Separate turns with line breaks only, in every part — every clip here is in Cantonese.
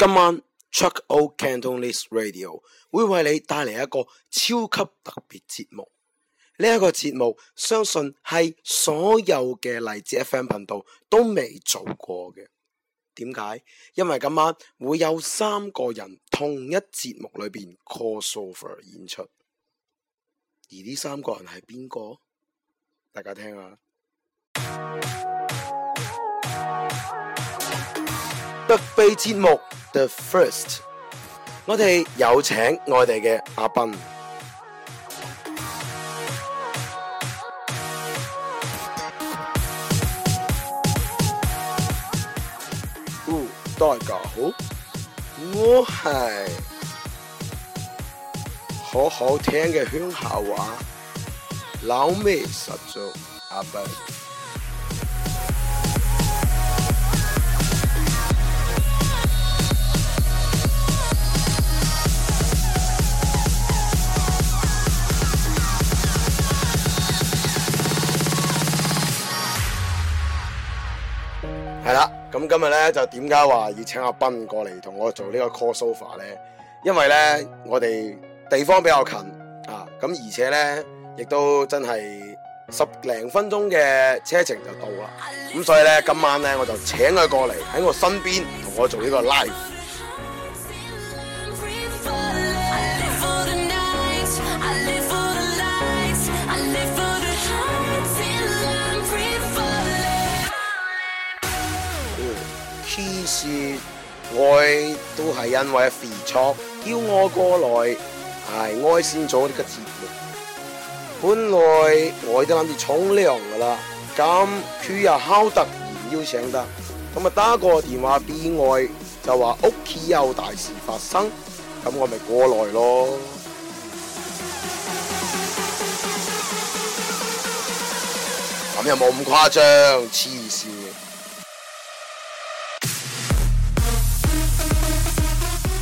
今晚 Chuck O Cantonese Radio 會為你帶嚟一個超級特別節目。呢、這、一個節目相信係所有嘅荔枝 FM 頻道都未做過嘅。點解？因為今晚會有三個人同一節目裏邊 Crossover 演出。而呢三個人係邊個？大家聽下。
特備
節目。first，我哋有請我哋嘅阿笨。哦，大家好，我係好好聽嘅鄉下話，老味十足，阿笨。係啦，咁今日咧就點解話要請阿斌過嚟，同我做呢個 call sofa 咧？因為咧我哋地方比較近啊，咁而且咧亦都真係十零分鐘嘅車程就到啦。咁所以咧今晚咧我就請佢過嚟喺我身邊同我做呢個 live。我都係因為肥卓叫我過來，係哀先咗呢個節目。本來我都諗住沖涼噶啦，咁佢又敲突然邀請得，咁啊打個電話俾我，就話屋企有大事發生，咁我咪過來咯。咁又冇咁誇張，黐線！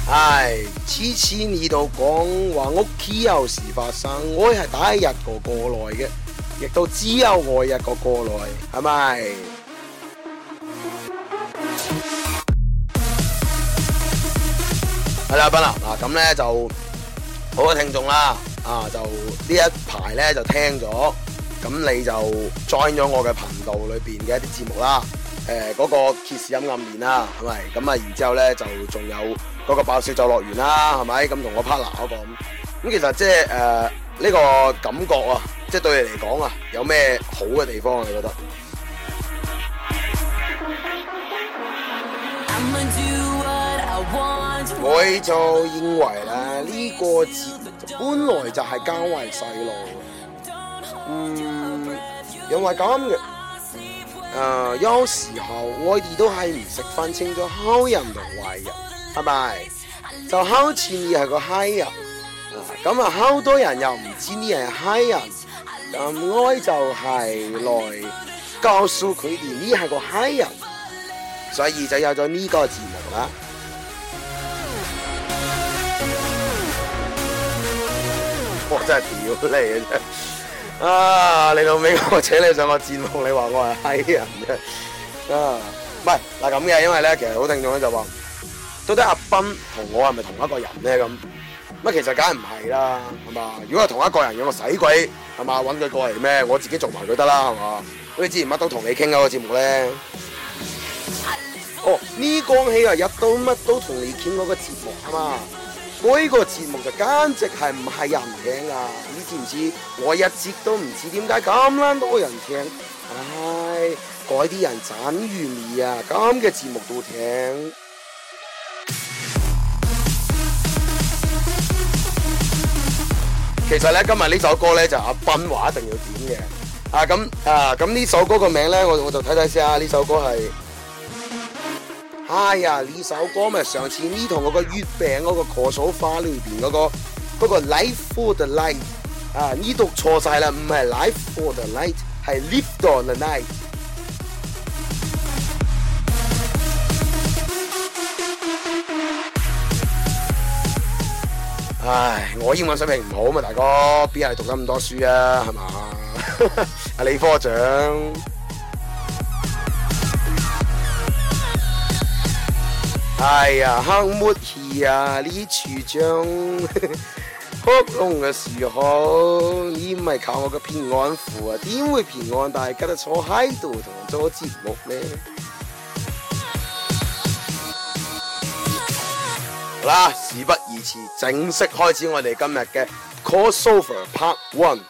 係次次你度講話屋企有事發生，我係打一個過來嘅，亦都只有我一個過來，係咪？係啦，不啦，嗱，咁咧就好多聽眾啦，啊，就呢一排咧就聽咗，咁你就 join 咗我嘅頻道裏邊嘅一啲節目啦，誒，嗰個《Kiss 音暗戀》啦，係咪？咁啊，然之後咧就仲有。嗰個爆笑就樂園啦，係咪咁同我 partner 嗰個咁？咁其實即係誒呢個感覺啊，即係對你嚟講啊，有咩好嘅地方啊？你覺得？我就認為咧，呢個字本來就係教壞細路。嗯，又係咁嘅。誒、呃，有時候我哋都係唔識分清楚好人同壞人。拜拜，bye bye. 就考似你係個閪人，咁啊考多人又唔知呢係閪人，咁、嗯、哀就係來告訴佢哋呢係個閪人，所以就有咗呢個字幕啦。我真係屌你啊！真啊，你老尾我請你上個節目，你話我係閪人啫、啊，啊唔係嗱咁嘅，因為咧其實好聽眾咧就話。到底阿斌同我係咪同一個人咧咁？乜其實梗係唔係啦，係嘛？如果係同一個人有個，有我使鬼佢係嘛？搵佢過嚟咩？我自己做埋佢得啦，係嘛？好似之前乜都同你傾嗰個節目咧，哦，呢講起啊，乜都乜都同你傾嗰個節目啊嘛，嗰個節目就簡直係唔係人聽噶，你知唔知？我一節都知都唔知點解咁撚多人聽，唉，改啲人賺魚味啊，咁嘅節目都聽。其實咧，今日呢首歌咧就阿斌話一定要點嘅，啊咁啊咁呢首歌個名咧，我我就睇睇先啊，呢首歌係，哎呀呢首歌咪上次呢同我個月餅嗰個，嗰個《可數花》裏邊嗰個，不過 Life for the light 啊，呢度錯晒啦，唔係 Life for the light，係 Live on the night。唉，我英文水平唔好嘛，大哥，邊係讀咁多書啊，係嘛？阿 李科長，哎呀，好沒氣啊呢處長，開工嘅時候，依唔係靠我嘅平安符啊，點會平安？大家都坐喺度同我做節目咧？啦，事不宜遲，正式開始我哋今日嘅 Crossover Part One。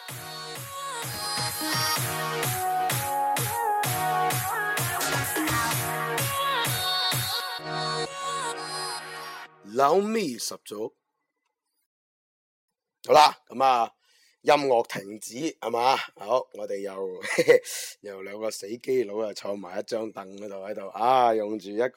Hello，Me 十組，好啦，咁啊，音樂停止，係嘛？好，我哋又又兩個死機佬又坐埋一張凳嗰度喺度，啊，用住一個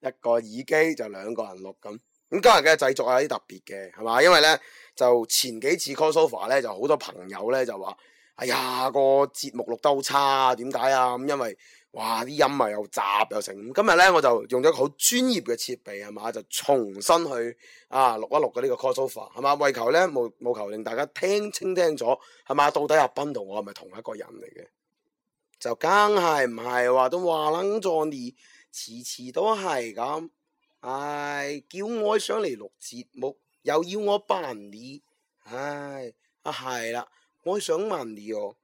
一個耳機就兩個人錄咁。咁今日嘅製作有啲特別嘅，係嘛？因為咧就前幾次 Call So Far 咧，就好多朋友咧就話：哎呀，個節目錄得好差，點解啊？咁因為哇啲音啊又雜又，又成。咁今日咧我就用咗好專業嘅設備，係嘛？就重新去啊錄一錄嘅呢個 Call So Far，係嘛？為求咧冇冇求令大家聽清聽咗，係嘛？到底阿斌同我係咪同一個人嚟嘅？就梗係唔係話都話冷壯烈，次次都係咁。唉、哎，叫我上嚟錄節目，又要我扮你，唉、哎，啊係啦，我想問你哦，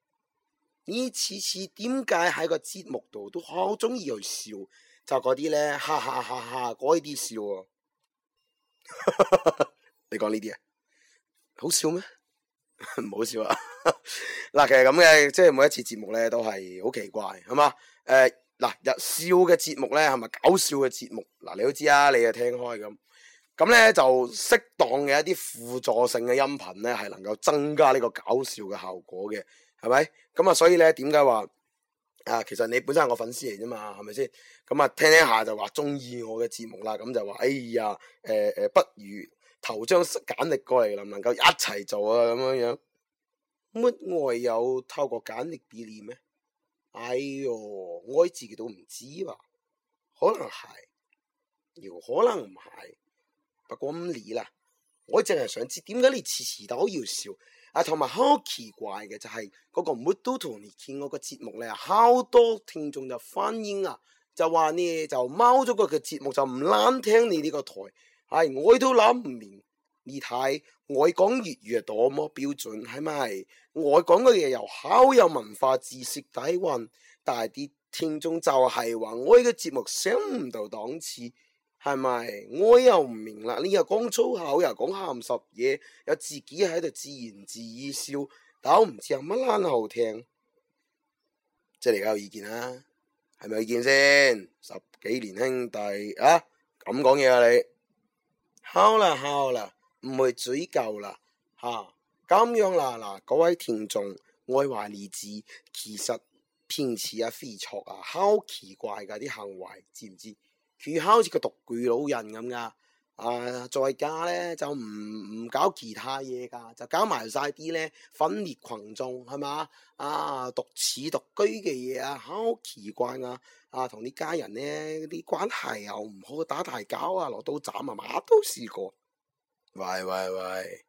你次次點解喺個節目度都好中意去笑，就嗰啲咧，哈哈哈哈嗰啲笑、啊， 你講呢啲啊，好笑咩？唔 好要笑啊！嗱，其實咁嘅，即係每一次節目咧，都係好奇怪，係嘛？誒、呃。嗱，日笑嘅節目咧，係咪搞笑嘅節目？嗱，你都知啊，你又聽開咁，咁咧就適當嘅一啲輔助性嘅音頻咧，係能夠增加呢個搞笑嘅效果嘅，係咪？咁啊，所以咧，點解話啊？其實你本身係我粉絲嚟啫嘛，係咪先？咁啊，聽，聽一下就話中意我嘅節目啦，咁就話哎呀，誒、呃、誒、呃，不如投張簡歷過嚟，能唔能夠一齊做啊？咁樣樣，乜我有透過簡歷俾你咩？哎呦，我自己都唔知吧，可能係，有可能唔係，不過唔理啦，我淨係想知點解你遲遲都要笑，啊，同埋好奇怪嘅就係、是、嗰、那個唔好都同你見我個節目咧，好多聽眾就反映啊，就話呢，就貓咗個嘅節目就唔啱聽你呢個台，係、哎、我都諗唔明，你睇外講粵語係多麼標準，係咪？我講嘅嘢，又好有文化知識底蘊，但係啲聽眾就係話我呢個節目上唔到檔次，係咪？我又唔明啦，你又講粗口又講鹹濕嘢，又自己喺度自言自語笑，但我唔知有乜難好聽，即係你有意見啦，係咪意見先？十幾年兄弟啊，咁講嘢啊你，好啦好啦，唔會追究啦，吓、啊。咁樣啦，嗱，各位聽眾愛懷兒子，其實偏似阿飛卓啊，好奇怪噶啲行為，知唔知？佢好似個獨居老人咁噶，啊在家咧就唔唔搞其他嘢噶，就搞埋晒啲咧分裂群眾係嘛？啊獨此獨居嘅嘢啊，好奇怪噶，啊同啲家人咧啲關係又唔好，打大交啊，攞刀斬啊，乜都試過。喂喂喂！喂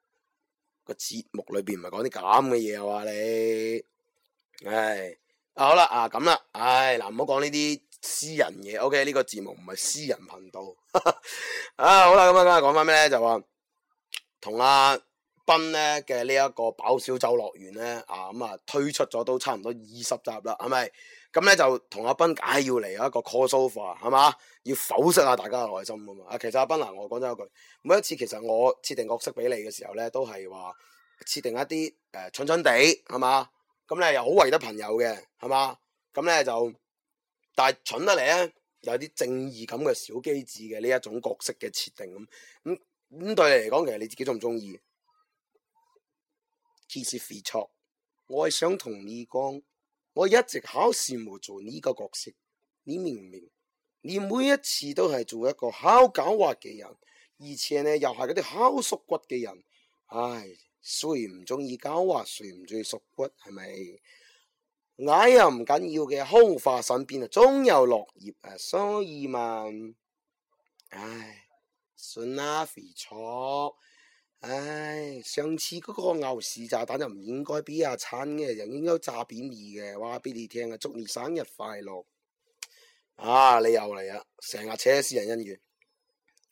個節目裏邊唔係講啲咁嘅嘢啊！你，唉，啊好啦，啊咁啦，唉，嗱唔好講呢啲私人嘢，OK，呢個節目唔係私人頻道，哈哈啊好啦，咁、嗯、啊今日講翻咩咧？就話同阿斌咧嘅呢一個爆小酒樂園咧，啊咁啊、嗯、推出咗都差唔多二十集啦，係咪？咁咧就同阿斌，解要嚟一個 call sofa 係嘛？要剖析下大家嘅內心啊嘛！啊，其實阿斌嗱、啊，我講咗一句，每一次其實我設定角色俾你嘅時候咧，都係話設定一啲誒、呃、蠢蠢地，係嘛？咁咧又好為得朋友嘅，係嘛？咁咧就，但係蠢得嚟咧有啲正義感嘅小機智嘅呢一種角色嘅設定咁，咁、嗯、咁、嗯、對你嚟講，其實你自己鍾唔鍾意？其實肥卓，我係想同你講。我一直好羨慕做呢個角色，你明唔明？你每一次都係做一個好狡猾嘅人，而且呢又係嗰啲好縮骨嘅人。唉，誰唔中意狡猾，誰唔中意縮骨？係咪？矮又唔緊要嘅，空化身邊啊，終有落葉啊。所以嘛，唉，算啦，肥錯。唉、哎，上次嗰個牛屎炸彈就唔應該俾阿親嘅，就應該炸扁二嘅，話俾你聽啊！祝你生日快樂！啊，你又嚟啦，成日扯私人恩怨。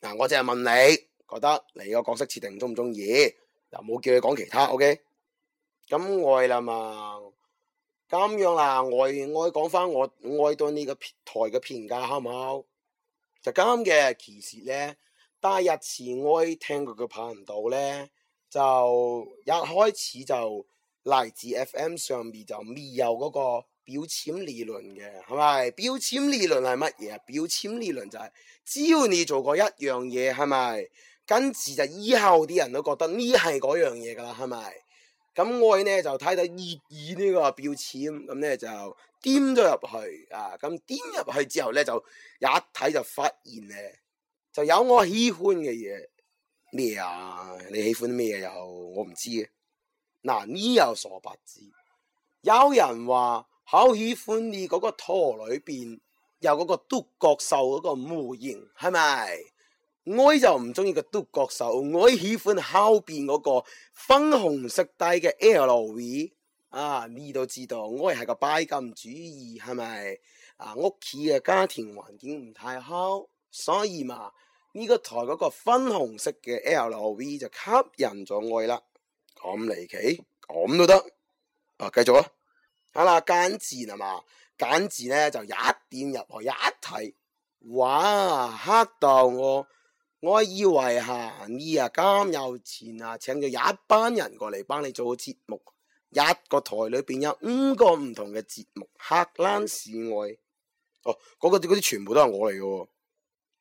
嗱、啊，我淨係問你，覺得你個角色設定中唔中意？嗱，冇叫你講其他，OK？咁愛啦嘛，咁樣啦，愛愛講翻我愛對呢個台嘅評價，好唔好？就噉嘅，其實咧。第一次我聽佢嘅頻道咧，就一開始就嚟自 F.M. 上面就未有嗰個標籤理論嘅，係咪？標籤理論係乜嘢啊？標籤理論就係只要你做過一樣嘢，係咪？跟住就以後啲人都覺得呢係嗰樣嘢㗎啦，係咪？咁我咧就睇到熱議呢個標籤，咁咧就掂咗入去啊！咁掂入去之後咧，就一睇就發現咧。就有我喜歡嘅嘢，咩啊？你喜歡咩又？我唔知。嗱、啊，呢又傻白知有人話好喜歡你嗰個拖裏邊有嗰個獨角獸嗰個模型，係咪？我就唔中意個獨角獸，我喜歡後邊嗰個粉紅色底嘅 LV。啊，你都知道，我係個拜金主義，係咪？啊，屋企嘅家庭環境唔太好，所以嘛。呢個台嗰個粉紅色嘅 L O V 就吸引咗我啦，咁離奇，咁都得啊！繼續啊，好啦簡字係嘛？簡字咧就一點入去一睇，哇！黑到我、啊，我以為吓你啊咁有錢啊，請咗一班人過嚟幫你做節目，一個台裏邊有五個唔同嘅節目，黑冷市外，哦、啊，嗰、嗰個嗰啲、嗰個、全部都係我嚟嘅。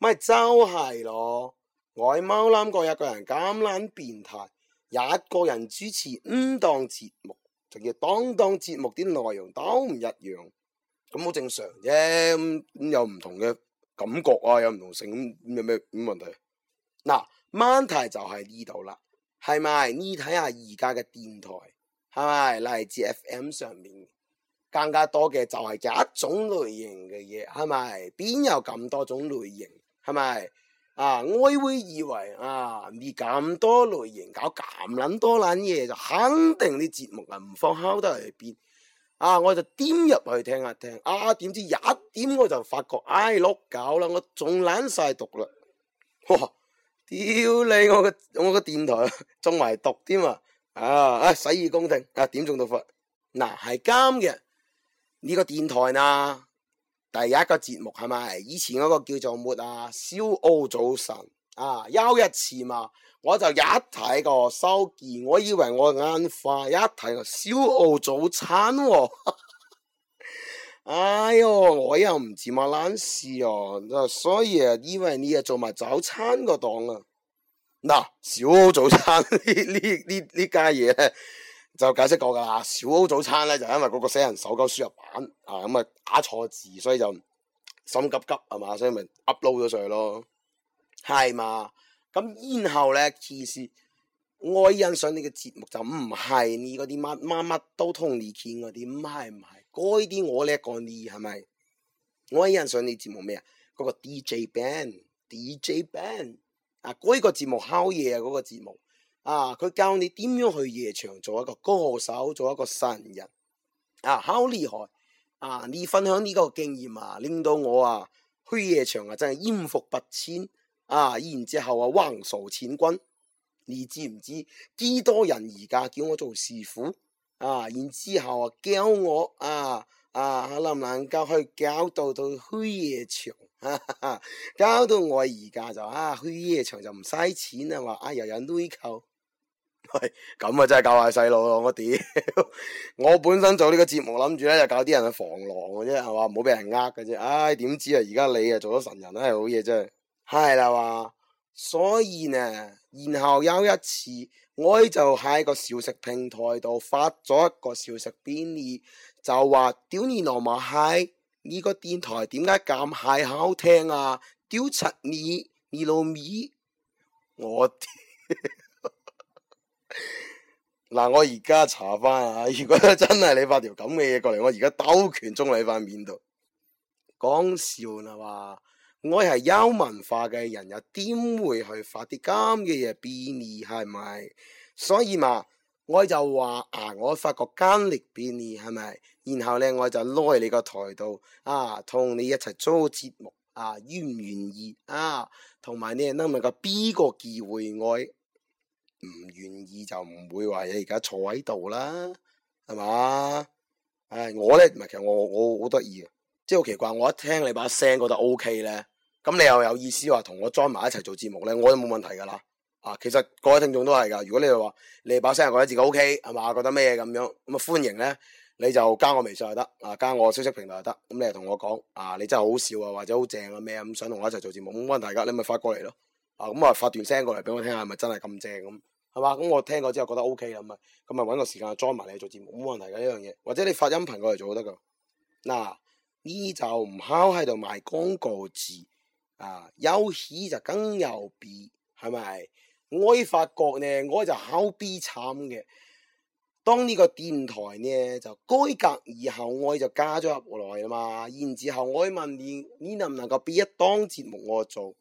咪就係咯，外貓攬過一個人咁撚變態，一個人主持五檔節目，仲要當當節目啲內容都唔一樣，咁好正常啫。咁、嗯、有唔同嘅感覺啊，有唔同性，有咩咁問題、啊？嗱，問題就係呢度啦，係咪？你睇下而家嘅電台係咪嚟自 FM 上面更加多嘅就係一種類型嘅嘢，係咪？邊有咁多種類型？係咪？啊，我會以為啊，你咁多類型搞咁捻多捻嘢，就肯定啲節目啊唔放烤都係變。啊，我就點入去聽下聽，啊，點知一點我就發覺，唉、哎，落搞啦，我仲爛晒毒啦。哇！屌你我個我個電台仲埋 毒添啊！啊，哎、洗耳恭聽，啊，點中到法？嗱、啊，係咁嘅，呢、這個電台啊。第一個節目係咪？以前嗰個叫做乜啊？《燒澳早晨》啊，休一次嘛，我就一睇個收件，我以為我眼花，一睇個《燒澳早餐、哦。》 哎喲，我又唔知乜爛事哦、啊，所以啊，以為你啊做埋早餐個檔啦。嗱、啊，《燒澳早餐》 呢呢呢呢家嘢咧。就解釋過㗎喇，小歐早餐咧就因為嗰個死人手敲輸入板啊，咁、嗯、啊打錯字，所以就心急急係嘛，所以咪 upload 咗上去咯，係嘛？咁然後咧，其實我欣賞你嘅節目就唔係你嗰啲乜乜乜都同你傾嗰啲，唔係唔係，嗰啲我咧講你係咪？我欣賞你節目咩啊？嗰、那個 DJ band，DJ band 啊，嗰個節目烤嘢啊，嗰個節目。那個節目那個節目啊！佢教你點樣去夜場做一個歌手，做一個神人啊，好厲害啊！你分享呢個經驗啊，令到我啊去夜場啊真係艷福不淺啊！然之後啊橫掃千軍，你知唔知幾多人而家叫我做師傅啊？然之後啊教我啊啊，能唔能夠去搞到到去夜場？搞 到我而家就啊去夜場就唔嘥錢啊。話啊又有內購。咁啊， 真係教壞細路咯！我屌， 我本身做個節呢個節目諗住咧，就搞啲人去防狼嘅啫，係嘛，唔好俾人呃嘅啫。唉，點知啊，而家你啊做咗神人，真係好嘢，啫。係係啦，哇！所以呢，然後有一次，我就喺一個小食平台度發咗一個小食編兒，就話屌你老母嗨！呢個電台點解咁閪好聽啊？屌柒你，你老味，我嗱， 我而家查翻啊！如果真係你發條咁嘅嘢過嚟，我而家兜拳中你塊面度講笑啦嘛！我係有文化嘅人，又點會去發啲咁嘅嘢俾你？係咪？所以嘛，我就話啊，我發個奸力俾你，係咪？然後咧，我就拉你個台度啊，同你一齊做節目啊，願唔願意啊？同埋你咧，拎埋個邊個機會我？唔願意就唔會話你而家坐喺度啦，係嘛？誒，我咧唔係，其實我我好得意嘅，即係好奇怪。我一聽你把聲覺得 O K 咧，咁你又有意思話同我 join 埋一齊做節目咧，我就冇問題噶啦。啊，其實各位聽眾都係噶。如果你話你把聲覺得自己 O K，係嘛？覺得咩咁樣咁啊，嗯？歡迎咧，你就加我微信就得，啊加我消息平台就得。咁你又同我講，啊，你，啊你真係好笑啊，或者好正啊咩咁，想同我一齊做節目。冇問題噶，你咪發過嚟咯。啊咁啊，嗯，發段聲過嚟俾我聽下，係咪真係咁正咁。係嘛？咁我聽過之後覺得 O K 啦，咁咪咁咪搵個時間 join 埋你去做節目，冇問題嘅呢樣嘢。或者你發音頻過嚟做都得噶。嗱，呢就唔敲喺度賣廣告字啊，有喜就更有 B，係咪？我發覺呢，我就敲 B 慘嘅。當呢個電台呢就改革以後，我就加咗入來啦嘛。然之後我問你，你能唔能夠俾一檔節目我做？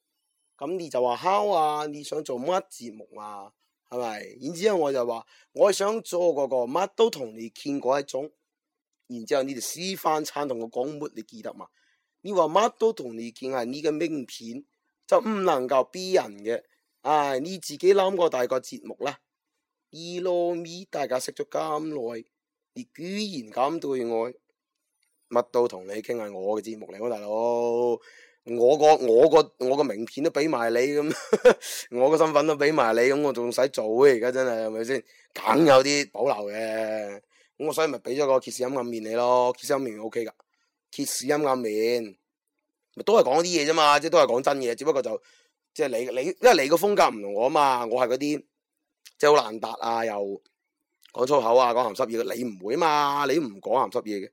咁你就話敲啊，你想做乜節目啊？係咪？然之後我就話，我想做嗰個乜都同你見過一種。然之後你哋私飯餐同我講乜，你記得嘛？你話乜都同你見係呢個名片，就唔能夠逼人嘅。啊，你自己諗過大個節目啦。二糯咪大家識咗咁耐，你居然咁對外乜都同你傾下我嘅節目嚟嘅，大佬。我個我個我個名片都俾埋你咁， 我個身份都俾埋你咁，我仲使做咩而家真係係咪先？梗有啲保留嘅，咁我所以咪俾咗個揭示陰暗面你咯，揭示陰暗面 O K 噶，揭示陰暗面咪都係講啲嘢啫嘛，即係都係講真嘢，只不過就即係、就是、你你，因為你個風格唔同我啊嘛，我係嗰啲即係好難答啊，又講粗口啊，講鹹濕嘢嘅，你唔會啊嘛，你唔講鹹濕嘢嘅。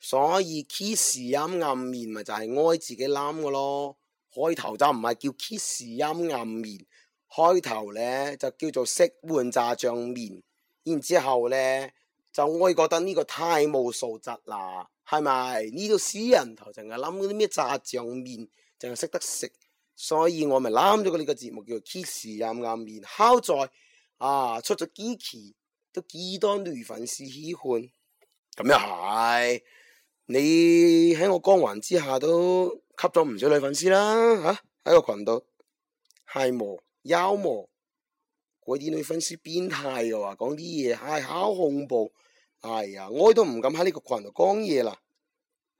所以 kiss 音暗面咪就係、是、哀自己諗嘅咯，開頭就唔係叫 kiss 音暗面，開頭咧就叫做食碗炸醬麵，然之後咧就哀哋覺得呢個太冇素質啦，係咪？呢個死人頭淨係諗嗰啲咩炸醬麵，淨係識得食，所以我咪諗咗個呢個節目叫做 kiss 音暗面，好在啊出咗幾期都幾多女粉絲喜歡，咁又係。你喺我光環之下都吸咗唔少女粉絲啦吓，喺個群度係魔妖魔鬼啲女粉絲變態嘅話，講啲嘢係好恐怖，係、哎、呀，我都唔敢喺呢個群度講嘢啦，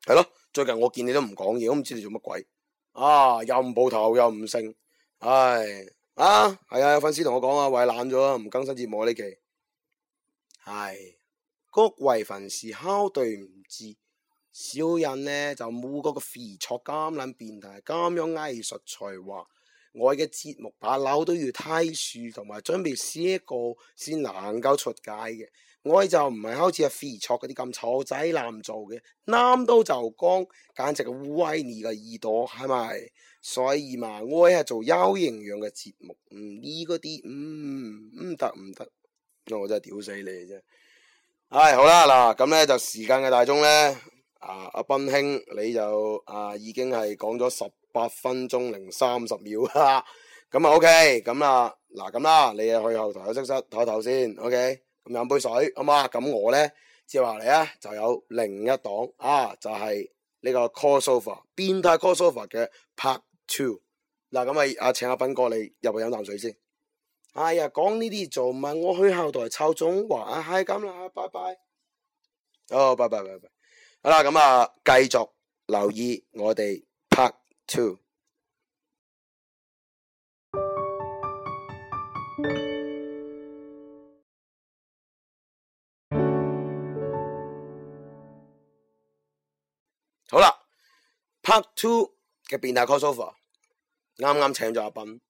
係咯。最近我見你都唔講嘢，我唔知你做乜鬼啊，又唔蒲頭又唔升，唉、哎，啊，係、哎、啊，有粉絲同我講啊，喂、哎，懶咗啊，唔更新節目呢期，係、哎、各位粉絲敲對唔住。小人呢就冇嗰個肥錯咁撚變態，咁樣藝術才華。我嘅節目把樓都要梯樹，同埋準備寫個先能夠出街嘅。我哋就唔係好似阿肥錯嗰啲咁醜仔難做嘅，啱到就光，簡直係威尼嘅耳朵係咪？所以嘛，我係做優營養嘅節目，唔呢嗰啲，唔唔、那個嗯、得唔得。我真係屌死你啫！唉，好啦，嗱咁呢就時間嘅大鐘呢。啊，阿、啊、斌兄，你就啊已經係講咗十八分鐘零三十秒啦，咁啊 OK，咁啊，嗱咁啦，你啊去後台休息室唞唞先，OK，咁飲杯水，好嘛？咁我咧接下嚟，咧就有另一檔啊，就係、是、呢個 Call Sofa 變態 Call Sofa 嘅 Part Two，嗱咁啊，阿請阿、啊、斌哥你入去飲啖水先。哎呀，講呢啲做唔係我去後台抄鐘話，嗨咁啦，拜拜。哦，拜拜拜拜。好啦，咁啊，繼續留意我哋 Part Two。好啦，Part Two 嘅變態 crossover，啱啱請咗阿斌，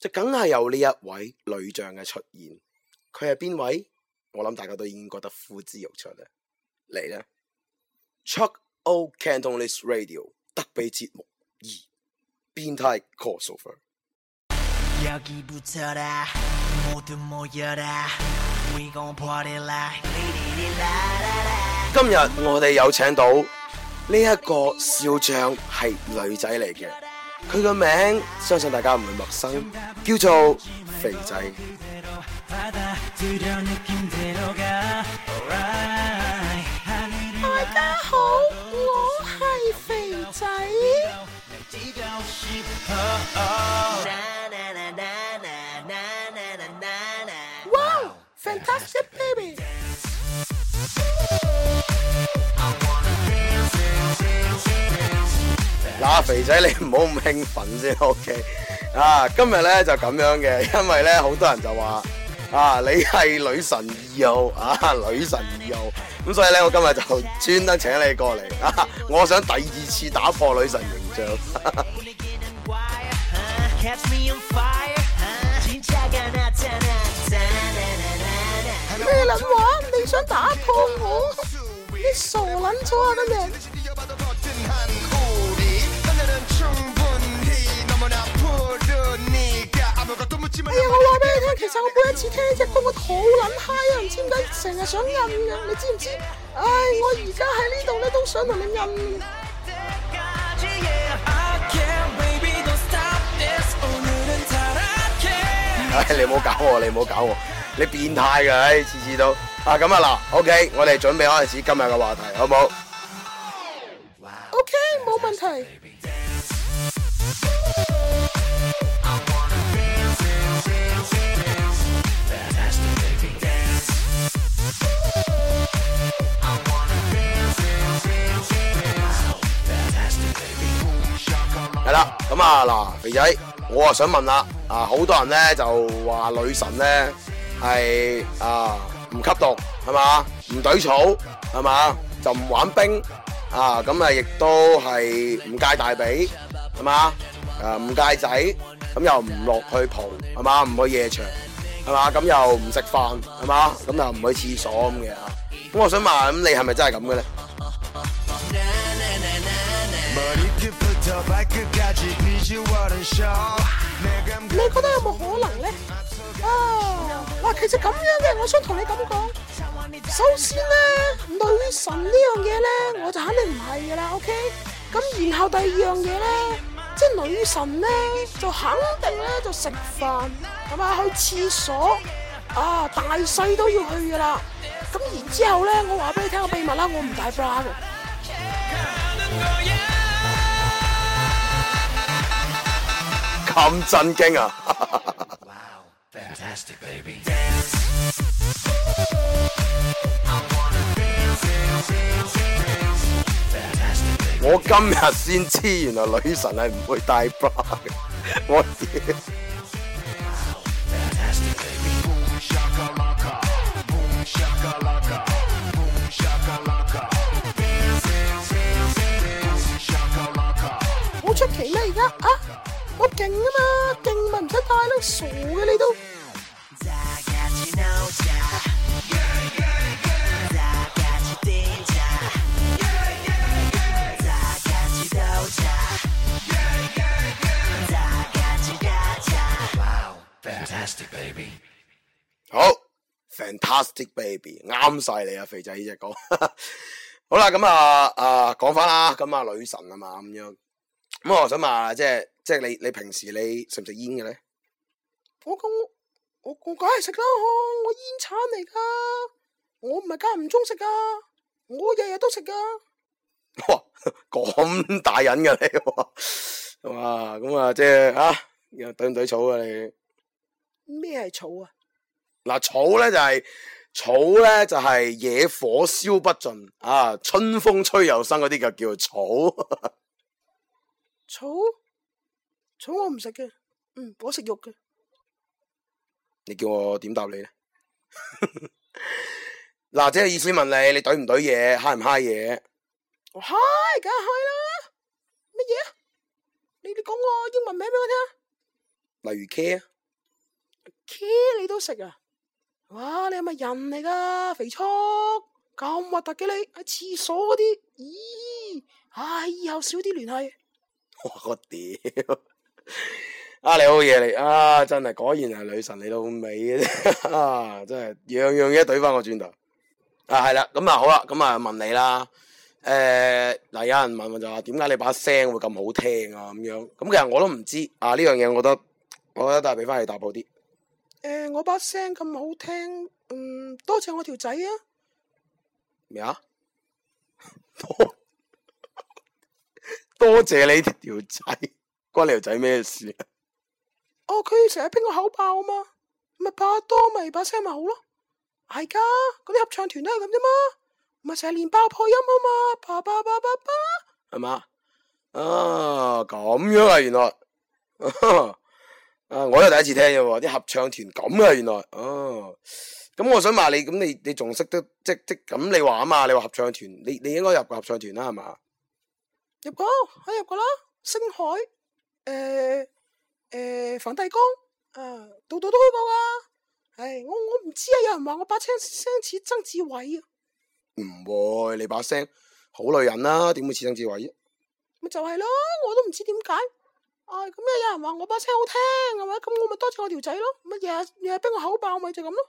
就梗係有呢一位女將嘅出現。佢係邊位？我諗大家都已經覺得呼之欲出啦。嚟啦！Chuck O Cantonese Radio 特備節目二，變態
call over。
今日我哋有請到呢一個笑匠係女仔嚟嘅，佢個名相信大家唔會陌生，叫做肥仔。
哇、
wow！Fantastic baby！嗱、啊、肥仔，你唔好咁興奮先，OK？ 啊，今日呢就咁、是、樣嘅，因為呢好多人就話，啊！你係女神二號啊！女神二號咁，所以咧，我今日就專登請你過嚟啊！我想第二次打破女神形象。
咩撚話？你想打破我？你傻撚咗啊！今日？ 哎呀，我話俾你聽，其實我每一次聽呢隻歌，我好捻嗨 i 啊！唔知點解成日想印嘅，你知唔知？唉、哎，我而家喺呢度咧都想同你印。唉、
哎，你唔好搞我，你唔好搞我，你變態嘅，唉，次次都。啊，咁啊嗱，OK，我哋準備開始今日嘅話題，好唔
好哇？OK，冇問題。嗯
係啦，咁啊嗱，肥仔，我啊想問啦，啊好多人咧就話女神咧係啊唔吸毒係嘛，唔懟草係嘛，就唔玩冰啊，咁啊亦都係唔戒大髀係嘛，誒唔戒仔，咁又唔落去蒲係嘛，唔去夜場係嘛，咁又唔食飯係嘛，咁又唔去廁所咁嘅啊，咁我想問，咁你係咪真係咁嘅咧？你覺得
有冇可能呢？啊，嗱，其實咁樣嘅，我想同你咁講。首先呢，女神呢樣嘢呢，我就肯定唔係噶啦，OK？咁然後第二樣嘢呢，即係女神呢，就肯定呢，就食飯，係嘛？去廁所，啊，大細都要去噶啦。咁然之後呢，我話俾你聽個秘密啦，我唔帶 bra 嘅。
咁震驚啊！ 我， 我今日先知，原來女神係唔會戴 bra 嘅。我
好出奇咩而家？我勁啊嘛，勁咪唔使太撚傻嘅你都。Fantastic baby，
好 Fantastic baby，啱晒你啊，肥仔呢隻歌。好啦，咁啊啊講返啦，咁啊女神啊嘛咁樣。咁、嗯、我想問下，即係即係你你平時你食唔食煙嘅咧？
我我我我梗係食啦，我我煙鏟嚟噶，我唔係間唔中食噶，我日日都食噶。
哇，咁大癮噶你，係咁啊，即係啊，又對唔對草啊？你
咩係草啊？
嗱、就是，草咧就係草咧就係野火燒不盡，啊，春風吹又生嗰啲就叫做草。
草，草我唔食嘅，嗯，我食肉嘅。
你叫我點答你咧？嗱，即係意思問你，你懟唔懟嘢，嗨唔嗨嘢？
嗨梗係嗨啦，乜嘢？你你講個英文名俾我聽，
例如
care，care 你都食啊？哇，你係咪人嚟噶？肥畜咁核突嘅你喺廁所嗰啲，咦？唉，以後少啲聯繫。
我屌、 啊！啊你好嘢你啊真係果然係女神你老美啊真係樣樣嘢懟翻我轉頭啊係啦咁啊好啦咁啊問你啦誒嗱有人問問就話點解你把聲會咁好聽啊咁樣咁其實我都唔知啊呢樣嘢我覺得我覺得都係俾翻你答好啲誒、
呃、我把聲咁好聽嗯多謝我條仔啊
咩啊什麼 多謝你條仔，關你條仔咩事？
哦，佢成日逼我口爆啊嘛，咪爆多咪爆聲咪好咯，係噶，嗰啲合唱團都係咁啫嘛，咪成日練爆破音啊嘛，叭叭叭叭叭，
係嘛？啊，咁樣啊，原來啊， 我又第一次聽嘅喎，啲合唱團咁啊，原來哦，咁我想話你，咁你你仲識得即即咁你話啊嘛？你話合唱團，你你應該入過合唱團啦，係嘛？
入過，喺入過啦。星海，誒、呃、誒，梵蒂岡啊，度度、呃、都去過、哎、啊！唉、啊，我、哎、我唔、啊、 知啊，有人話我把聲聲似曾志偉啊。
唔會，你把聲好女人啦，點會似曾志偉？
咪就係咯，我都唔知點解。啊，咁啊，有人話我把聲好聽係嘛？咁我咪多謝我條仔咯。乜嘢？日日俾我口爆咪就咁咯。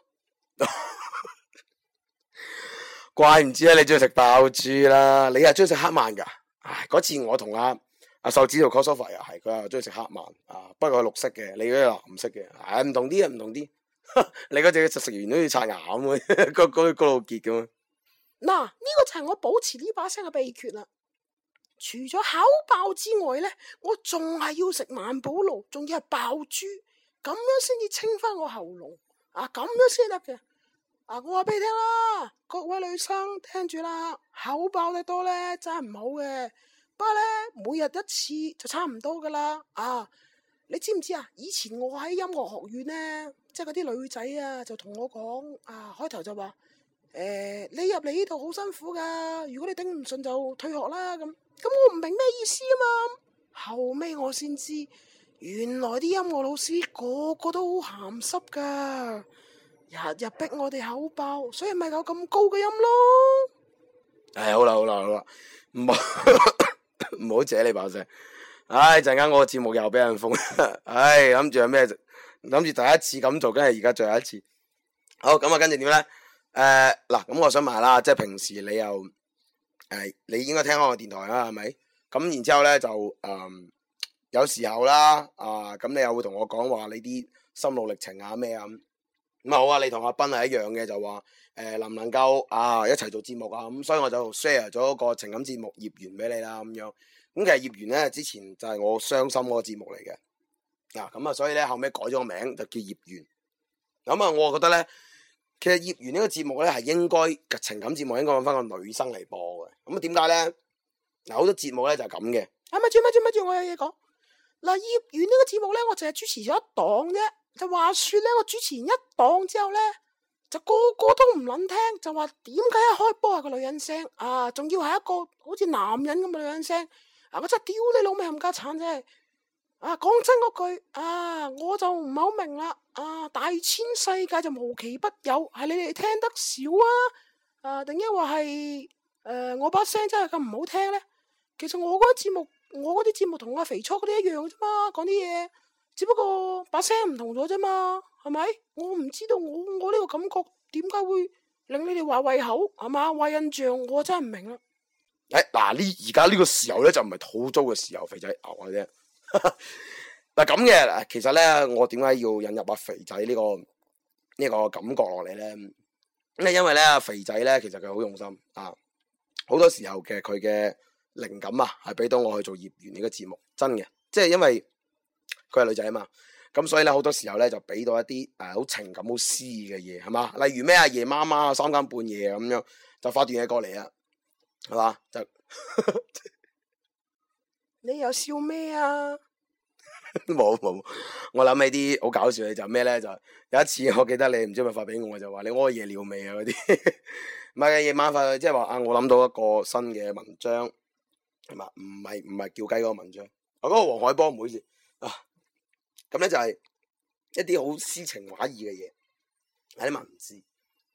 怪唔知啦，你中意食爆珠啦？你又中意食黑曼噶？唉，嗰次我同阿阿壽子做 cosplay 又係，佢又中意食黑曼啊，不過係綠色嘅，你嗰啲係藍色嘅，唉、啊、唔同啲啊唔同啲，你嗰隻食完都要刷牙咁啊，嗰嗰嗰度結咁啊。
嗱，呢個就係我保持呢把聲嘅秘訣啦。除咗口爆之外咧，我仲係要食萬寶路，仲要係爆珠，咁樣先至清翻我喉嚨啊，咁樣先得嘅。啊！我話俾你聽啦，各位女生聽住啦，口爆得多咧真係唔好嘅。不過咧，每日一次就差唔多噶啦。啊，你知唔知啊？以前我喺音樂學院咧，即係嗰啲女仔啊，就同我講啊，開頭就話誒，你入嚟呢度好辛苦噶，如果你頂唔順就退學啦咁。咁我唔明咩意思啊嘛。後尾我先知，原來啲音樂老師個個都好鹹濕噶。日日逼我哋口爆，所以咪有咁高嘅音咯。
係好啦，好啦，好啦，唔好唔好借 你，把、哎、聲。唉，陣間我個節目又俾人封。唉、哎，諗住有咩？諗住第一次咁做，梗係而家最後一次。好，咁、嗯、啊，跟住點咧？誒、呃，嗱，咁我想問下啦，即係平時你又誒、呃，你應該聽開我電台啦，係咪？咁然之後咧就誒、嗯，有時候啦啊，咁你又會同我講話你啲心路歷程啊咩啊咁。咁好啊，你同阿斌係一樣嘅，就話誒，能唔能夠啊一齊做節目啊？咁、嗯、所以我就 share 咗個情感節目葉璇俾你啦，咁樣。咁其實葉璇咧之前就係我傷心嗰個節目嚟嘅。嗱咁啊，所以咧後尾改咗個名就叫葉璇。咁、嗯、啊，我啊覺得咧，其實葉璇呢個節目咧係應該情感節目應該揾翻個女生嚟播嘅。咁、嗯、啊，點解咧？嗱，好多節目咧就咁、係、嘅，
係咪做乜做乜做，我有嘢講。嗱，葉璇呢個節目咧，我淨係主持咗一檔啫。就話說咧，個主持人一擋之後咧，就個個都唔捻聽，就話點解一開波係個女人聲啊？仲要係一個好似男人咁嘅女人聲啊！我真係屌你老味冚家鏟啫！啊，講真嗰句啊，我就唔係好明啦！啊，大千世界就無奇不有，係你哋聽得少啊？啊，定因為係誒，我把聲真係咁唔好聽咧？其實我嗰啲節目，我嗰啲節目同阿肥叔嗰啲一樣啫嘛，講啲嘢。只不過把聲唔同咗啫嘛，係咪？我唔知道我我呢個感覺點解會令你哋話胃口，係嘛，話印象，我真係唔明啦。
誒、哎，嗱呢而家呢個時候咧就唔係土租嘅時候，肥仔牛嘅啫。嗱咁嘅，其實咧我點解要引入阿肥、這個這個、肥仔呢個呢個感覺落嚟咧？因為咧肥仔咧其實佢好用心啊，好多時候嘅佢嘅靈感啊係俾到我去做業員呢個節目，真嘅，即係因為。佢係女仔啊嘛，咁所以咧好多時候咧就俾到一啲誒好情感好詩意嘅嘢，係嘛，例如咩啊夜媽媽啊三更半夜啊，咁樣就發段嘢過嚟啊，係嘛就
你有笑咩啊？
冇冇， 我諗起啲好搞笑嘅就咩咧？就是，有一次我記得你唔知咪發俾我，就話你屙夜尿未啊嗰啲，唔係 夜晚發，即係話啊我諗到一個新嘅文章係嘛，唔係唔係叫雞嗰個文章，啊嗰，嗰個黃海波唔好意思。啊，咁咧就係一啲好詩情畫意嘅嘢，係啲文字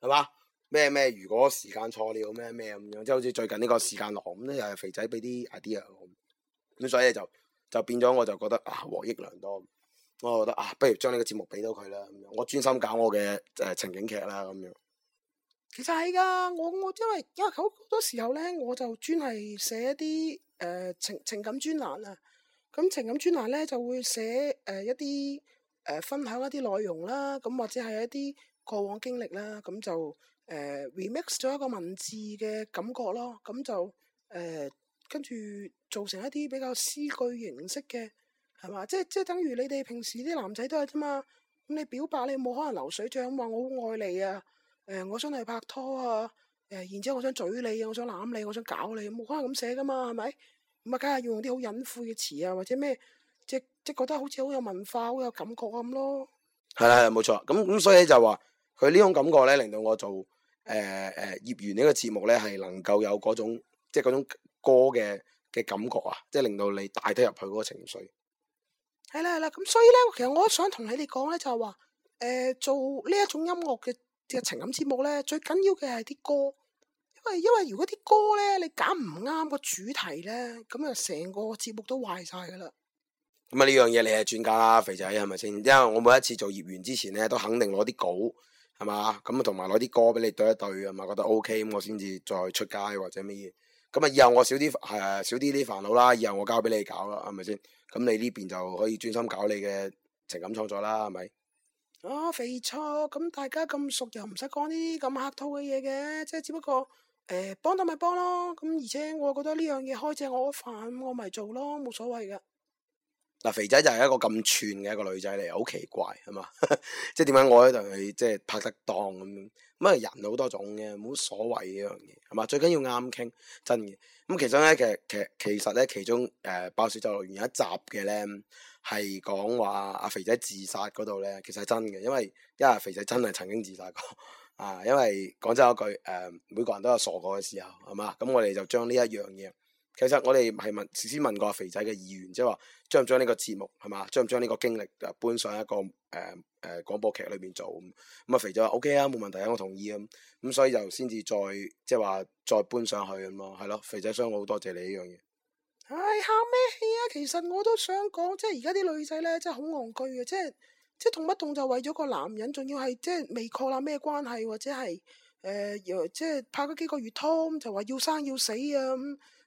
係嘛咩咩？如果時間錯了咩咩咁樣，即係好似最近呢個時間落，咁咧，又係肥仔俾啲 idea 咁，咁所以就就變咗，啊，我就覺得啊，獲益良多。我啊覺得啊，不如將呢個節目俾到佢啦，我專心搞我嘅誒、呃、情景劇啦，咁樣。
其實係噶，我我因為因為好多時候咧，我就專係寫一啲誒、呃、情情感專欄啊。咁情感專欄呢就會寫誒、呃、一啲誒、呃、分享一啲內容啦，咁或者係一啲過往經歷啦，咁就誒、呃、remix 咗一個文字嘅感覺咯，咁就誒跟住造成一啲比較詩句形式嘅，係嘛？即係即係等於你哋平時啲男仔都係啫嘛，咁你表白你冇可能流水帳話我好愛你啊，誒、呃、我想你拍拖啊，誒、呃、然之後我想嘴你啊，我想攬你，你，我想搞你，冇可能咁寫噶嘛，係咪？唔係，梗係要用啲好隱晦嘅詞啊，或者咩？即即覺得好似好有文化、好有感覺咁咯。
係啦，係冇錯。咁咁，所以就話佢呢種感覺咧，令到我做誒誒、呃呃、業餘呢個節目咧，係能夠有嗰種即嗰種歌嘅嘅感覺啊，即令到你帶得入去嗰個情緒。
係啦係啦，咁所以咧，其實我都想同你哋講咧，就係話誒做呢一種音樂嘅嘅情感節目咧，最緊要嘅係啲歌。因為如果啲歌咧，你揀唔啱個主題咧，咁啊成個節目都壞晒噶啦。
咁啊呢樣嘢你係專家啦，肥仔係咪先？因為我每一次做業員之前咧，都肯定攞啲稿係嘛，咁啊同埋攞啲歌俾你對一對，係咪覺得 OK？咁我先至再出街或者乜嘢。咁啊以後我少啲係、啊、少啲啲煩惱啦。以後我交俾你搞啦，係咪先？咁你呢邊就可以專心搞你嘅情感創作啦，係咪？
哦，肥錯，咁、嗯、大家咁熟又唔使講呢啲咁客套嘅嘢嘅，即係只不過。誒，幫到咪幫咯，咁而且我覺得呢樣嘢開正我飯，我咪做咯，冇所謂噶。
嗱，肥仔就係一個咁串嘅一個女仔嚟，好奇怪係嘛？ 即係點解我喺度係即係拍得當咁樣，咁啊人好多種嘅，冇所謂呢樣嘢係嘛？最緊要啱傾真嘅。咁其實咧，其實其，其，其實其實咧，其中誒、呃《爆笑救樂園》有一集嘅咧，係講話阿肥仔自殺嗰度咧，其實係真嘅，因為因為肥仔真係曾經自殺過。 啊，因為講真一句，誒、呃，每個人都有傻過嘅時候，係嘛？咁我哋就將呢一樣嘢，其實我哋係問事先問過肥仔嘅意願，即係話將唔將呢個節目，係嘛？將唔將呢個經歷啊搬上一個誒誒廣播劇裏邊做咁？咁、嗯、啊、嗯、肥仔話 O K 啊，冇問題啊，我同意啊，咁、嗯、所以就先至再即係話再搬上去咁咯，係、嗯、咯？肥仔想我好多謝你呢樣嘢，唉、
哎，喊咩氣啊？其實我都想講，即係而家啲女仔咧，真係好戇居嘅，即係。即即係動不動就為咗個男人，仲要係即係未確立咩關係，或者係誒，即係拍咗幾個月拖，就話要生要死啊，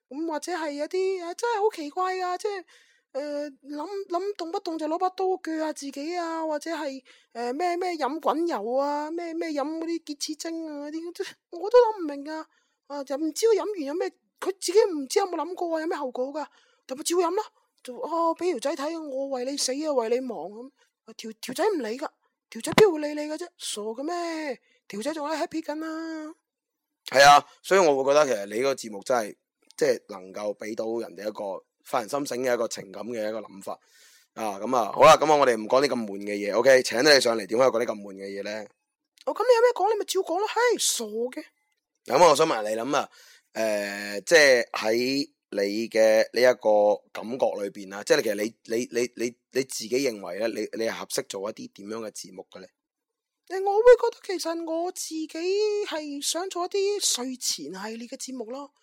咁或者係有啲誒，真係好奇怪啊！即係誒諗諗動不動就攞把刀鋸下自己啊，或者係誒咩咩飲滾油啊，咩咩飲嗰啲潔廁精啊嗰啲，我都諗唔明啊！啊，就唔知佢飲完有咩，佢自己唔知有冇諗過有咩後果噶，就咪照飲咯，就啊俾條仔睇，我為你死啊，為你亡咁。條條仔唔理噶，條仔邊會理你噶啫，傻嘅咩？條仔仲喺 happy 緊啊！
係啊，所以我會覺得其實你個節目真係即係能夠俾到人哋一個發人心醒嘅一個情感嘅一個諗法啊！咁啊，好啦，啊，咁我我哋唔講啲咁悶嘅嘢，OK？請得你上嚟，點解講啲咁悶嘅嘢咧？
哦，咁，嗯、你有咩講，你咪照講咯，嘿，傻嘅。
咁啊，我想問你諗啊，誒、呃，即係喺。你嘅呢一個感覺裏邊啊,即係其實你你你你你自己認為咧,你你係合適做一啲點樣嘅節目嘅咧?
誒,我會覺得其實我自己係想做一啲睡前系列嘅節目咯,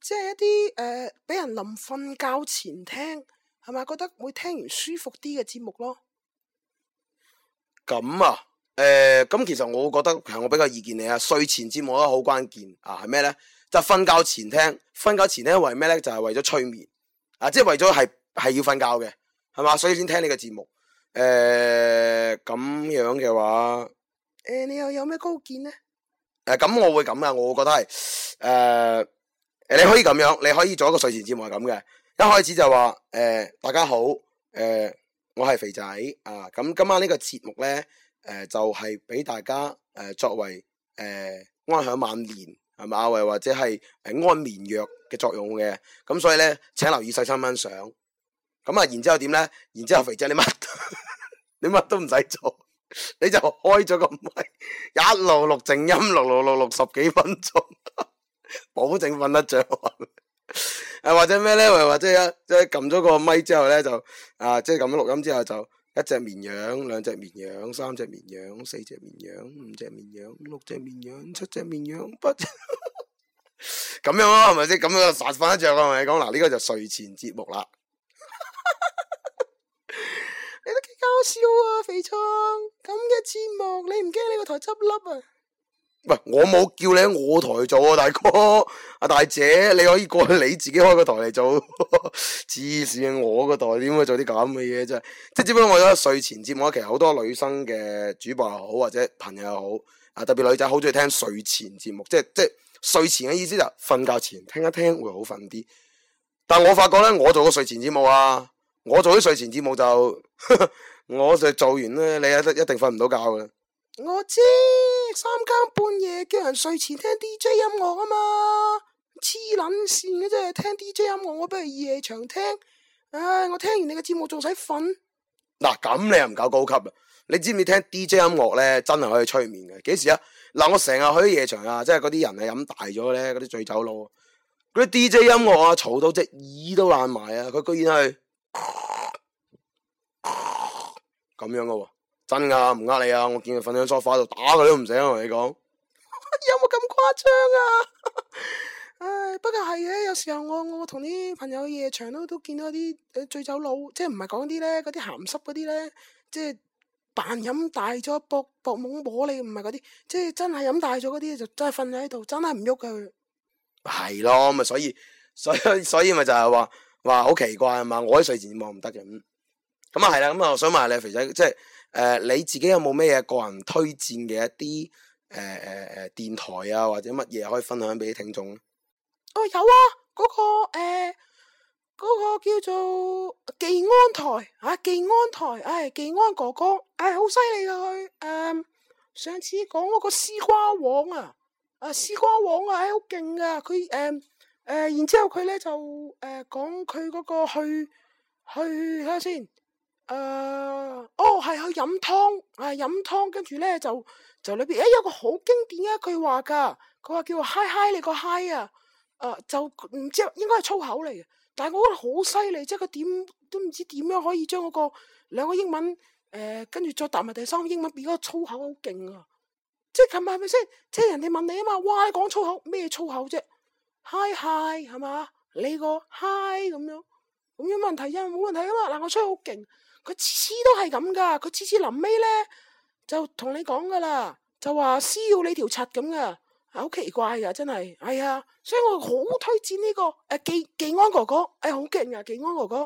即係一啲誒俾人臨瞓覺前聽,係咪覺得會聽完舒服啲嘅節目咯?
咁啊,誒、呃,咁其實我會覺得係我俾個意見你啊,睡前節目都好關鍵啊,係咩咧?就瞓覺前聽，瞓覺前咧為咩咧？就係、是、為咗催眠，啊，即係為咗係係要瞓覺嘅，係嘛？所以先聽呢個節目。誒、呃，咁樣嘅話，
誒、呃，你又有咩高見咧？
誒、啊，咁我會咁噶，我會覺得係，誒、啊，你可以咁樣，你可以做一個睡前節目係咁嘅。一開始就話，誒、呃，大家好，誒、呃，我係肥仔啊。咁今晚呢個節目咧，誒、呃，就係、是、俾大家誒、呃、作為誒、呃、安享晚年。係咪啊？或者係誒安眠藥嘅作用嘅，咁所以咧，請留意細心欣賞。咁啊，然之後點咧？然之後肥仔你乜 你乜都唔使做，你就開咗個咪，一路錄靜音，錄錄錄錄十幾分鐘， 保證瞓得着。誒， 或者咩咧？或者啊，即係撳咗個咪之後咧，就啊，即係撳咗錄音之後就。一隻綿羊，兩隻綿羊，三隻綿羊，四隻綿羊，五隻綿羊，六隻綿羊，七隻綿羊，八隻、 啊、是不咁樣咯，係咪先？咁樣殺翻一隻啦，咪講嗱，呢、這個就睡前節目啦。
你都幾搞笑啊，肥聰！咁嘅節目你唔驚你個台執笠啊？
喂，我冇叫你喺我台做啊，大哥啊大姐，你可以過去你自己開個台嚟做。黐線啊，我個台點會做啲咁嘅嘢啫？即係只不過我有一個睡前節目，其實好多女生嘅主播又好，或者朋友又好，啊特別女仔好中意聽睡前節目，即係即係睡前嘅意思就瞓覺前聽一聽會好瞓啲。但我發覺咧，我做個睡前節目啊，我做啲睡前節目就呵呵我就做完咧，你一一定瞓唔到覺嘅。
我知三更半夜叫人睡前聽 D J 音樂啊嘛，黐捻線嘅啫。聽 D J 音樂我不如夜場聽，唉，我聽完你嘅節目仲使瞓？
嗱、啊，咁你又唔夠高級啦？你知唔知聽 D J 音樂咧真係可以催眠嘅？幾時啊？嗱、啊，我成日去夜場啊，即係嗰啲人係飲大咗咧，嗰啲醉酒佬，嗰啲 D J 音樂啊，嘈到隻耳都爛埋啊，佢居然係咁樣嘅喎。真噶唔呃你啊！我見佢瞓喺張沙發度打佢都唔醒，同你講
有冇咁誇張啊？唉、 啊 哎，不過係嘅，有時候我我同啲朋友夜場都都見到啲、呃、醉酒佬，即係唔係講啲咧，嗰啲鹹濕嗰啲咧，即係扮飲大咗，搏搏懵摸你，唔係嗰啲，即係真係飲大咗嗰啲，就真係瞓喺度，真係唔喐
佢係咯。咁啊，所以所以所以咪就係話話好奇怪啊嘛！我喺睡前望唔得嘅咁咁啊，係啦咁啊，我想問下你肥仔，即係。即誒、呃，你自己有冇咩嘢個人推薦嘅一啲誒誒誒電台啊，或者乜嘢可以分享俾啲聽眾？
哦、呃，有啊，嗰、那個誒、呃那個、叫做技安台啊，技安台，唉、啊，技安、哎、安哥哥，唉、哎，好犀利啊佢誒上次講嗰個絲瓜王啊，啊絲瓜王啊，唉、哎，好勁啊佢誒誒，然之後佢咧就誒講佢嗰個去去睇下先。誒，哦，係去飲湯，係飲湯，跟住咧就就裏邊，誒，有個好經典嘅一句話噶，佢話叫嗨嗨，你個嗨啊，就唔知應該係粗口嚟嘅，但係我覺得好犀利，即係佢點都唔知點樣可以將嗰個兩個英文誒，跟住再答埋第三個英文變個粗口，好勁啊！即係琴日係咪先？即係人哋問你啊嘛，哇，你講粗口咩粗口啫？嗨嗨係嘛？你個嗨咁樣，咁樣問題又冇問題噶嘛？嗱，我吹得好勁。佢次次都係咁噶，佢次次臨尾咧就同你講噶啦，就話要你條柒咁噶，好奇怪噶，真係，係、哎、啊，所以我好推薦呢、這個誒，紀、呃、紀安哥哥，誒、哎，好勁噶，紀安哥哥，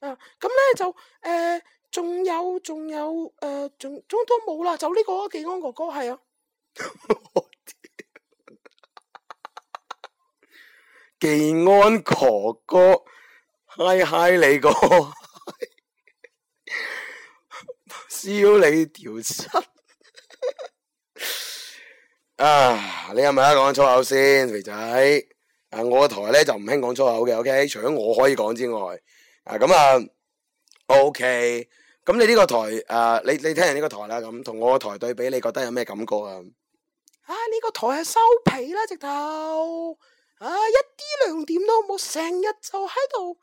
啊，咁咧就誒，仲、嗯嗯嗯嗯、有仲有誒，仲總都冇啦，就呢、這個紀安、嗯嗯、 安哥哥，係啊，
紀安哥哥，嗨嗨你個。燒你條身 啊！你係咪啊？講粗口先，肥仔。啊，我個台咧就唔興講粗口嘅，OK？除咗我可以講之外，啊咁啊，OK？咁、啊、你呢個台誒、啊，你你聽完呢個台啦，咁同我個台對比，你覺得有咩感覺啊、這個？
啊，呢個台係收皮啦，直頭啊，一啲亮點都冇，成日就喺度，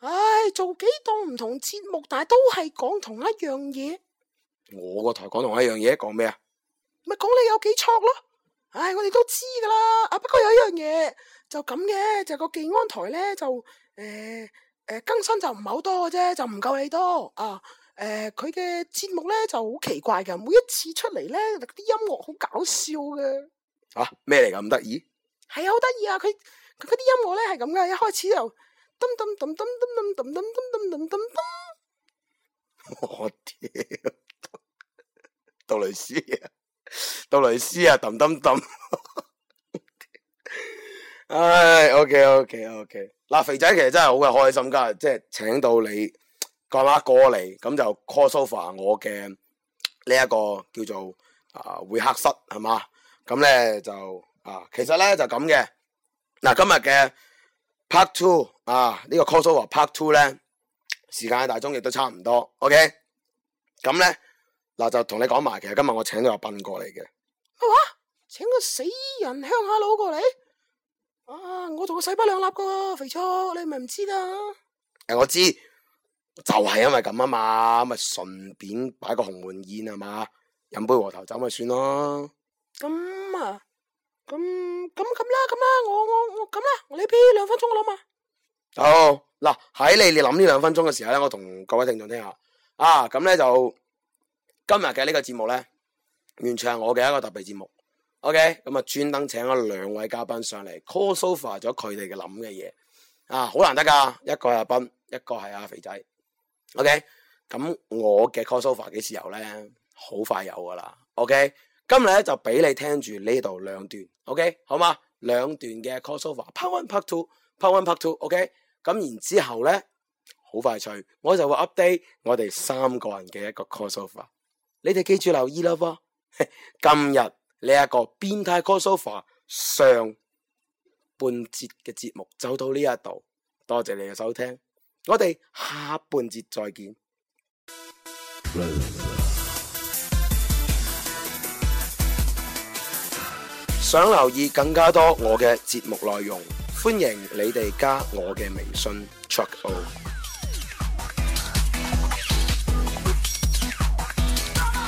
唉、哎，做幾檔唔同節目，但係都係講同一樣嘢。
我個台講同我一樣嘢，講咩啊？
咪講你有幾錯咯？唉，我哋都知噶啦。啊，不過有一樣嘢就咁嘅，就個技安台咧就誒誒更新就唔係好多嘅啫，就唔夠你多啊。誒，佢嘅節目咧就好奇怪嘅，每一次出嚟咧啲音樂好搞笑嘅。
啊，咩嚟噶咁得意？
係啊，好得意啊！佢佢啲音樂咧係咁噶，一開始就噔噔噔噔噔噔噔噔噔噔噔。
我屌！杜蕾斯啊，杜蕾斯啊，氹氹氹，唉、 哎，OK OK OK，嗱，肥仔其實真係好鬼開心，家即係請到你媽媽過嚟，咁就 call sofa 我嘅呢一個叫做啊、呃、會客室係嘛，咁咧就啊，其實咧就咁、是、嘅，嗱、啊，今日嘅 part two 啊，呢、這個 call sofa part two 咧，時間喺大鐘亦都差唔多，OK，咁咧。嗱就同你講埋，其實今日我請咗阿斌過嚟嘅。
乜話？請個死人鄉下佬過嚟？啊！我同個細不兩立個肥初，你咪唔知啊，
誒，我知，就係、是、因為咁啊嘛，咪順便擺個鴻門宴啊嘛，飲杯和頭酒咪算咯。
咁、oh, 啊，咁咁咁啦，咁啦，我我我咁啦，你俾兩分鐘我諗下。
好，嗱喺你哋諗呢兩分鐘嘅時候咧，我同各位聽眾聽下，啊咁咧就。今日嘅呢個節目咧，完全係我嘅一個特別節目，OK，咁啊專登請咗兩位嘉賓上嚟，call over 咗佢哋嘅諗嘅嘢，啊好難得噶，一個係阿斌，一個係阿肥仔，OK，咁我嘅 call over 幾時有咧？好快有噶啦，OK，今日咧就俾你聽住呢度兩段，OK，好嘛？兩段嘅 call over，part one part two，part one part two，OK，、OK? 咁然之後咧好快脆，我就會 update 我哋三個人嘅一個 call over。你哋記住留意啦噃，今日呢一個變態 cosova、so、上半節嘅節目就到呢一度，多謝你嘅收聽，我哋下半節再見。 想留意更加多我嘅節目內容，歡迎你哋加我嘅微信 Chuck O.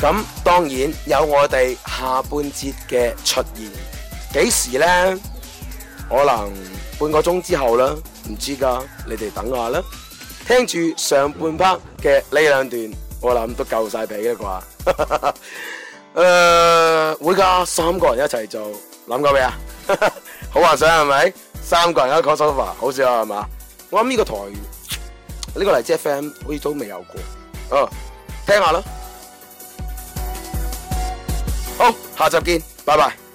咁當然有我哋下半節嘅出現，幾時咧？可能半個鐘之後啦，唔知噶，你哋等下啦。聽住上半 part 嘅呢兩段，我諗都夠晒皮嘅啩。誒會噶，三個人一齊做，諗過未啊？好幻想係咪？三個人一講收發，好笑係嘛？我諗呢個台，呢、呢個荔枝 FM 好似都未有過啊，聽下啦。好，下集見，拜拜。